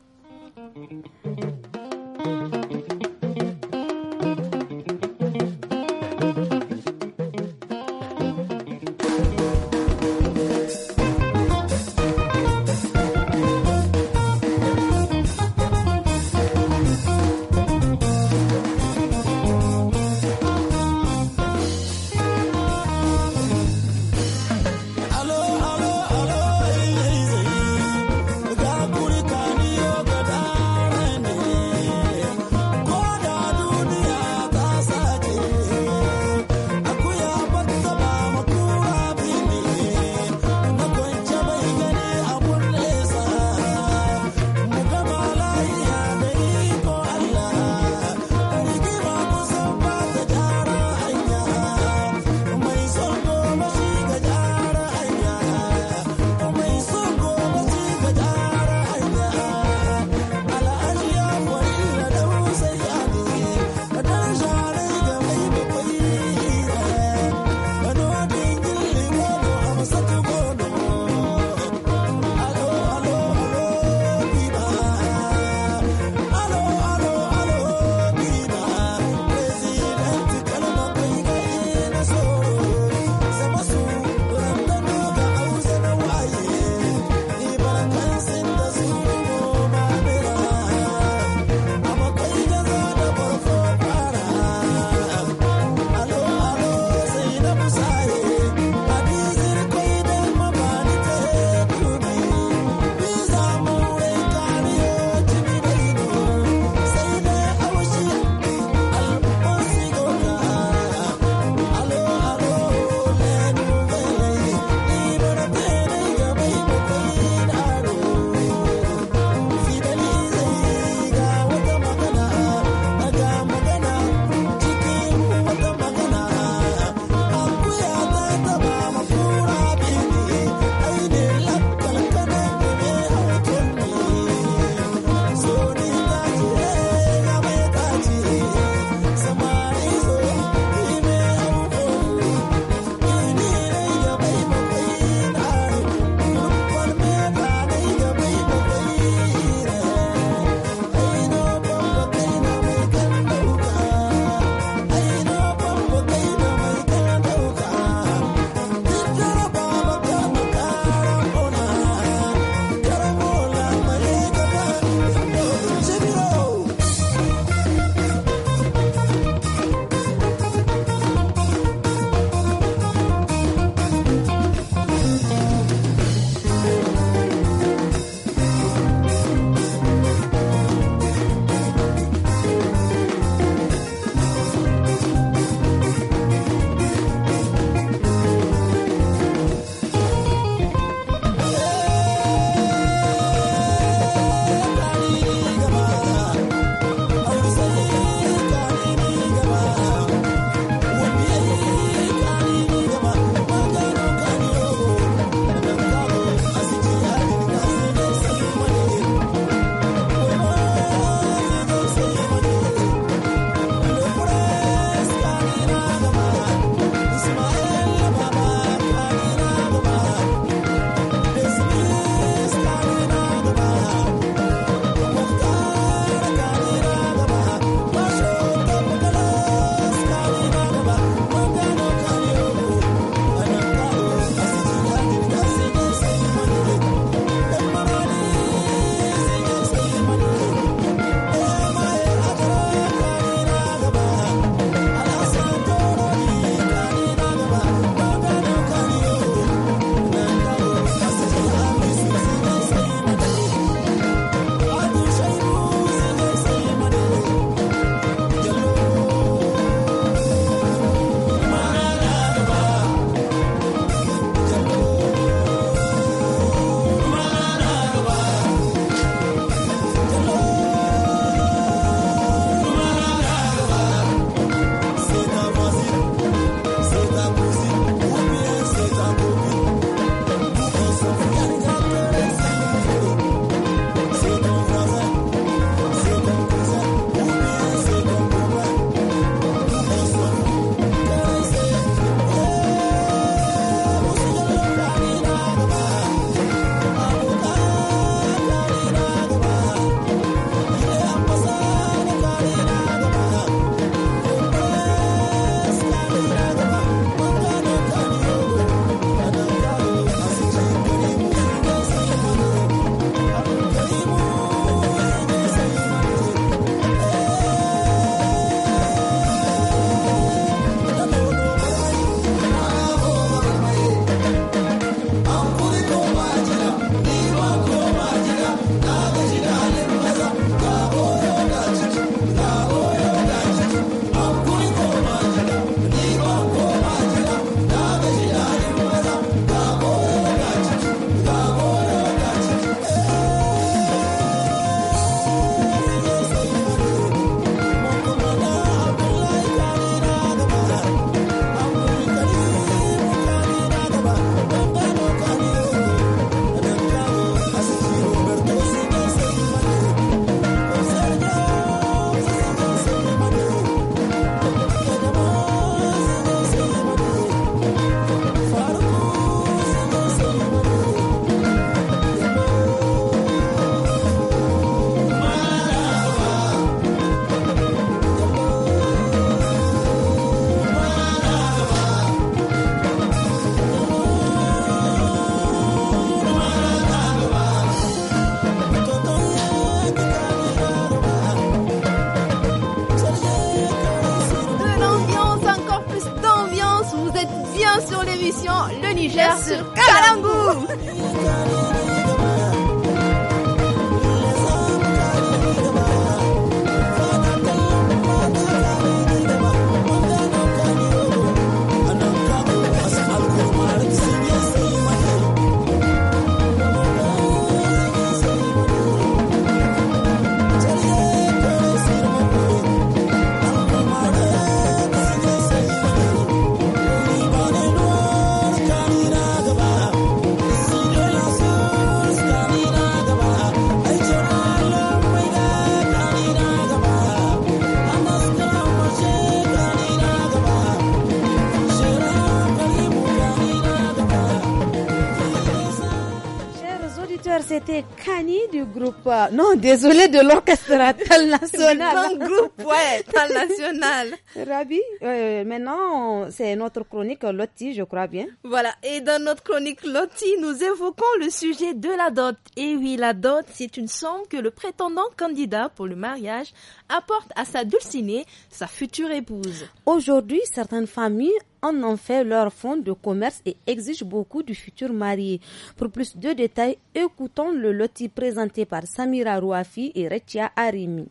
C'est Kani du groupe. Euh, non, désolé, de l'orchestre Tal National. [LAUGHS] Grand groupe, ouais, Tal National. [LAUGHS] Rabi, euh, maintenant, c'est notre chronique Lotti, je crois bien. Voilà, et dans notre chronique Lotti, nous évoquons le sujet de la dot. Et oui, la dot, c'est une somme que le prétendant candidat pour le mariage apporte à sa dulcinée, sa future épouse. Aujourd'hui, certaines familles en ont fait leur fonds de commerce et exigent beaucoup du futur marié. Pour plus de détails, écoutons le loti présenté par Samira Rouafi et Retia Arimi.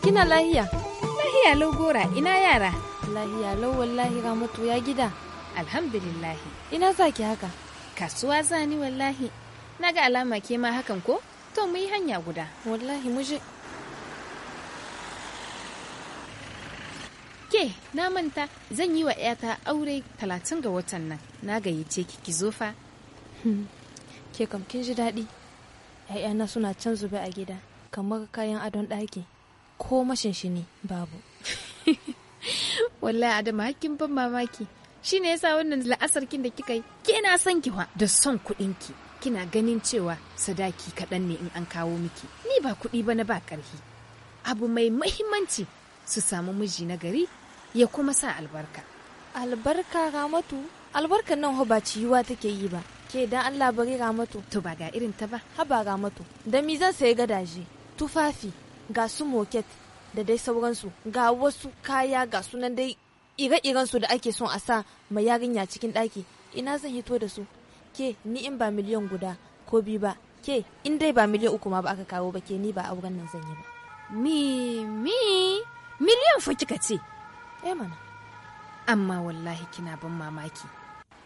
kina lahiya? Lahiya lau gora ina yara. Lahiya lau wallahi mutu ya gida. Alhamdulillahi. Ina zaki haka? Kasuwa zani wallahi. na ga alama ke ma hakan ko? To mu yi hanya guda. Wallahi mu je. Ke, na manta zan yi wa ‘yata aure talatin ga watan nan. Na gayyace ki ki zo fa. Hmm. Ke kam kin ji daɗi. ‘Ya'yana suna can zube a gida, kamar kayan adon ɗaki. ko mashinshini babu [LAUGHS] wallahi adama hakkin ban mamaki shi ne yasa wannan la'asarkin da kika yi kina son ki da son kuɗinki kina ganin cewa sadaki kaɗan ne in an kawo miki ni ba kuɗi ba na ba ƙarfi abu mai mahimmanci su samu miji na gari ya kuma sa albarka albarka ramatu albarkar nan ba ciyuwa take yi ba ke dan Allah bari ramatu to ba ga irin ta ba haba ramatu da mi zan sayi gadaje tufafi ga su moket da dai sauransu ga wasu kaya ga sunan dai ire-iren su da ake son a sa mai yarinya cikin ɗaki ina zan hito da su ke ni in ba miliyan guda ko bi ba ke in dai ba miliyan uku ma ba aka kawo ba ke ni ba auren nan zan yi ba mi mi miliyan fa kika ce eh mana amma wallahi kina ban mamaki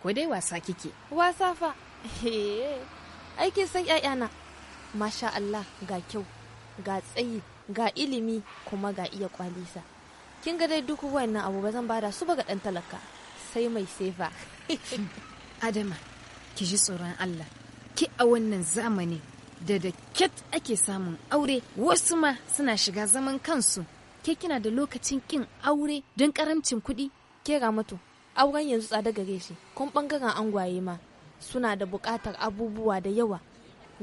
ko dai wasa kike wasa fa ai san ƴaƴana masha Allah ga kyau ga tsayi ga ilimi kuma ga iya kwalisa kin ga dai duk wannan abu ba zan bada su ba ga dan talaka sai mai sefa [LAUGHS] adama ki ji tsoron Allah ki a wannan zamani da da ket ake samun aure wasu ma suna shiga zaman kansu ke kina da lokacin kin aure don karamcin kuɗi ke ga mutu auren yanzu tsada gare shi kun bangaren angwaye ma suna da buƙatar abubuwa da yawa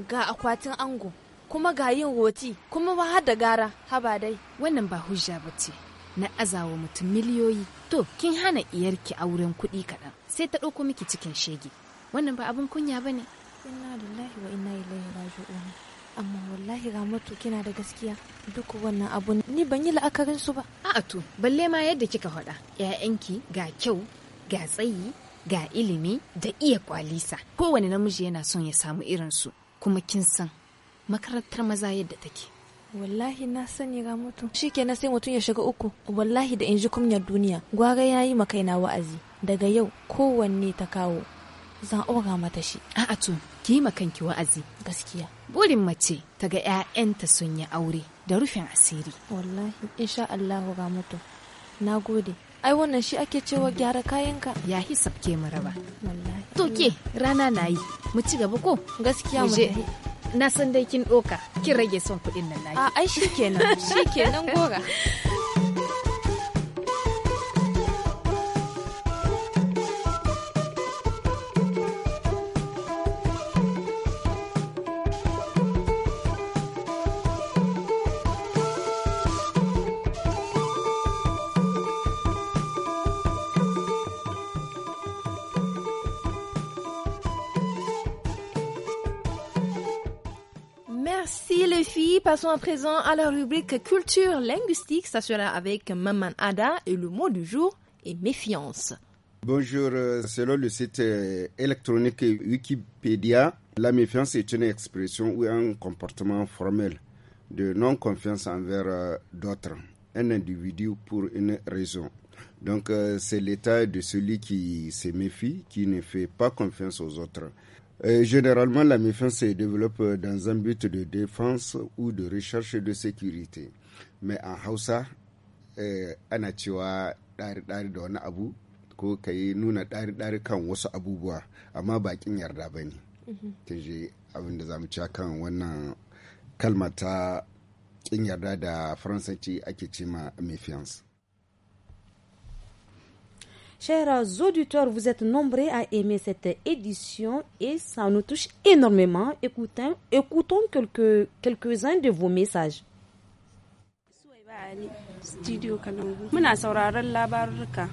ga akwatin ango kuma ga yin woti kuma ba har da gara haba dai wannan ba hujja ba ce na azawa mutum miliyoyi to kin hana iyarki auren kuɗi kaɗan sai ta ɗauko miki cikin shege wannan ba abin kunya ba ne inna lillahi wa inna ilaihi raji'un amma wallahi mutu kina da gaskiya duk wannan abun ni ban yi la'akarin su ba a'a to balle ma yadda kika faɗa ƴaƴanki ga kyau ga tsayi ga ilimi da iya kwalisa kowane namiji yana son ya samu irin su kuma kin san makarantar maza yadda take wallahi na sani ga mutum na sai mutum ya shiga uku wallahi da in ji kumyar duniya gwaga ya yi makaina wa'azi daga yau kowanne ta kawo zan aura mata shi a'a to ki yi kanki wa'azi gaskiya burin mace ta ga 'ya'yanta sun yi aure da rufin asiri wallahi insha Allah ga mutum na gode ai wannan shi ake cewa gyara kayanka ya sabke mu raba. wallahi to ke rana na yi mu ci gaba ko gaskiya mu na san dai kin doka kin rage son kuɗin nan lafiya. A ai shikenan shikenan gora. [LAUGHS] passons à présent à la rubrique culture linguistique. Ça sera avec Maman Ada et le mot du jour est méfiance. Bonjour, euh, selon le site euh, électronique Wikipédia, la méfiance est une expression ou un comportement formel de non-confiance envers euh, d'autres, un individu pour une raison. Donc c'est l'état de celui qui se méfie, qui ne fait pas confiance aux autres. Et généralement, la méfiance se développe euh, dans un but de défense ou de recherche de sécurité. Mais en Hausa, eh, ana cewa dari ɗari da wani abu ko kai nuna dari dari kan wasu abubuwa, amma bakin yarda ba ne. Ta mhm. je abin da zamu cewa kan wannan kalmata kin yarda da faransanci ake ce ma méfiance. Chers auditeurs, vous êtes nombreux à aimer cette édition et ça nous touche énormément. Écoutons, écoutons quelques, quelques-uns de vos messages. studio muna sauraron labarurka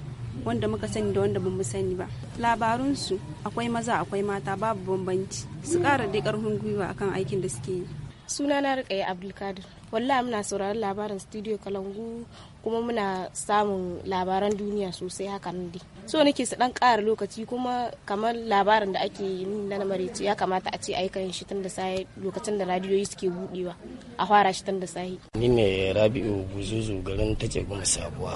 wanda muka sani da wanda bamu sani ba labarunsu akwai maza akwai mata babu bambanci su kara dai karfin gwiwa akan aikin da suke yi suna na rikaye abdulkadir wallahi muna sauraron labarin studio kalangu kuma muna samun labaran duniya sosai haka nan dai so nake su dan ƙara lokaci kuma kamar labarin da ake yi na namarici ya kamata a ce a shi tun da sai lokacin da radiyoyi suke budewa a fara shi tun da sai ni ne rabi'u buzuzu garin take goma sabuwa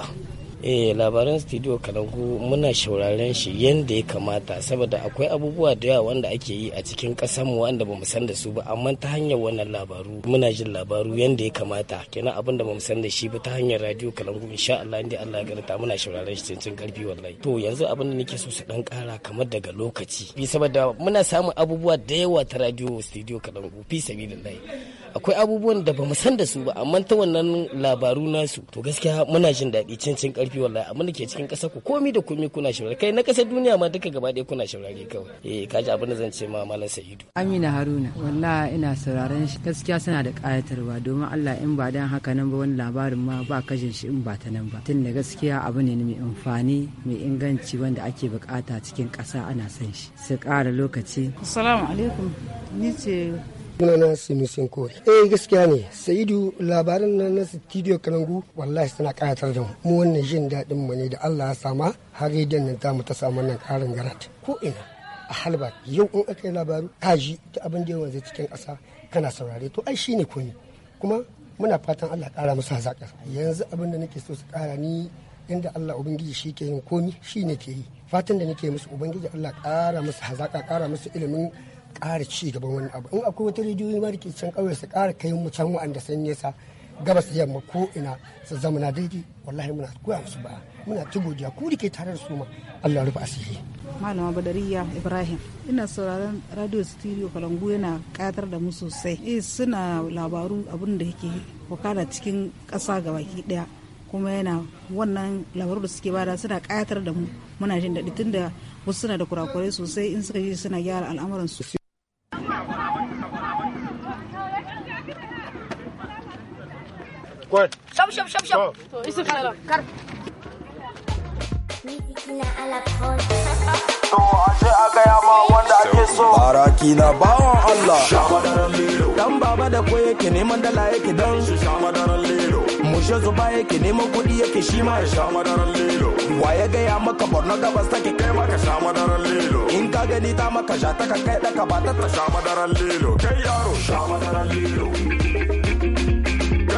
eh labaran studio kalangu muna shauraren shi yadda ya kamata saboda akwai abubuwa da yawa wanda ake yi a cikin ƙasar mu wanda bamu san da su ba amma ta hanyar wannan labaru muna jin labaru yadda ya kamata kenan abin da bamu san da shi ba ta hanyar radio kalangu insha Allah inda Allah ya garanta muna shauraren shi cincin karfi wallahi to yanzu abin da nake so su dan kara kamar daga lokaci bi saboda muna samun abubuwa da yawa ta radio studio kalangu fi sabilillahi akwai abubuwan da bamu san da su ba amma ta wannan labaru nasu to gaskiya muna jin daɗi cin cin karfi wallahi amma ke cikin ƙasar ku komi da komi kuna shaurari kai na ƙasar duniya ma duka gaba ɗaya kuna shaurari kawai eh kaji abin da zan ce ma malam Sa'idu Amina Haruna wallahi ina sauraron shi gaskiya suna da ƙayatarwa domin Allah in ba dan haka nan ba wani labarin ma ba kajin shi in ba ta nan ba tunda gaskiya abu ne mai amfani mai inganci wanda ake bukata cikin ƙasa ana son shi su ƙara lokaci assalamu alaikum ni ce sunana simisin kore eh gaskiya ne sa'idu labaran nan na studio kanangu wallahi suna kayatar da mu mu wannan jin daɗin mu ne da Allah ya sama har rediyon nan mu ta samu nan karin garat ko ina a halba yau in aka yi labaru kaji ta abin da yawan zai cikin ƙasa kana saurare to ai shine komi kuma muna fatan Allah ƙara musu hazaƙa yanzu abin da nake so su ƙara ni inda Allah Ubangiji shi ke yin komi shi ne ke yi fatan da nake musu Ubangiji Allah ƙara musu hazaƙa ƙara musu ilimin ƙara ci gaban wani abu in akwai wata rediyoyi ma da can ƙauye su ƙara kai mu can wa'anda sun yasa gabas yamma ko ina su zama na daidai wallahi muna koya musu ba muna ci godiya ku rike tare da su ma Allah rufe asiri malama badariya ibrahim ina sauraron radio studio kalangu yana kayatar da mu sosai eh suna labaru abin da yake wakana cikin ƙasa gabaki daya kuma yana wannan labarun da suke bada suna kayatar da mu muna jin daɗi tunda wasu suna da kurakurai sosai in suka yi suna gyara al'amuran su Gwan. Shop, shop, shop, shop. a ma wanda ake so. Baraki na bawan Allah. lilo. Dan baba da ko yake neman dala yake dan. Shamadaran lilo. Mushe zuba yake neman kuɗi yake shi ma ya sha madaran lilo. Wa ya gaya maka borno gabas ki kai maka sha madaran lilo. In ka gani ta maka sha ta ka kai ɗaka ba ta ta sha madaran lilo. Kai yaro sha madaran lilo.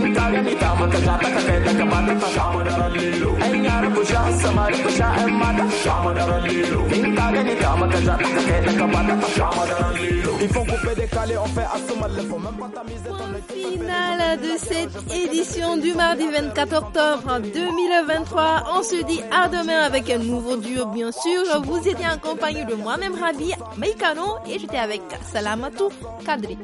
Finale de cette édition du mardi 24 octobre 2023. On se dit à demain avec un nouveau duo, bien sûr. Vous étiez en compagnie de moi-même, Rabi Meikano, et j'étais avec Salamatou Kadri.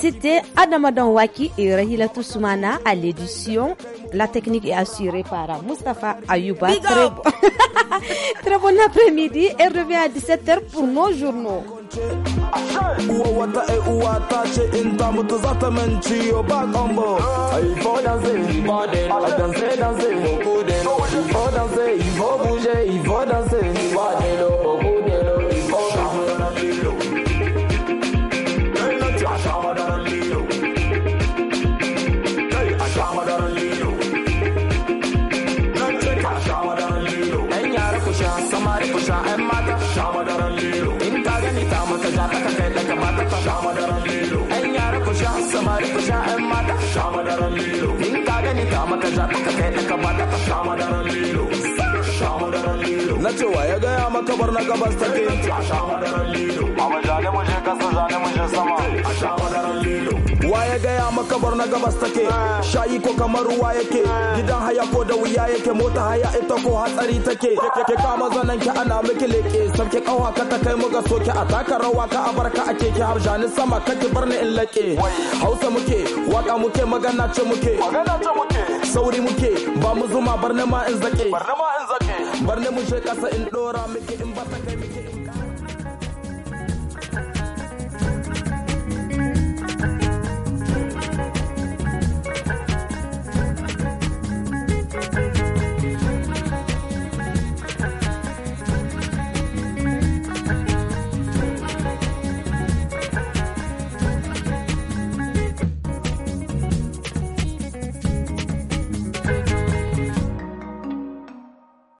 C'était Adamadan Waki et Rahila Toussoumana à l'édition. La technique est assurée par Mustafa Ayuba [LAUGHS] Très, bon... après-midi et revient à 17h pour nos journaux. na cewa ya gaya makabar na gabas take a sha lilo a majalimu je kasa zalimu je sama a sha lilo wa ya gaya makabar na gabas take ah. shayi ko kamar ruwa yake ah. gidan haya ko da wuya yake mota haya ita ko hatsari take ah. ke kama zanen ki ana miki leke sarki kawa ka ta kai mu ga soke a taka rawa ka abarka ake ki har jani sama ki barni in lake hausa muke waka muke magana ce muke magana ce muke sauri muke ba mu zuma barne ma in zake barne ma in zake barne mu je kasa in dora miki in ba ta kai miki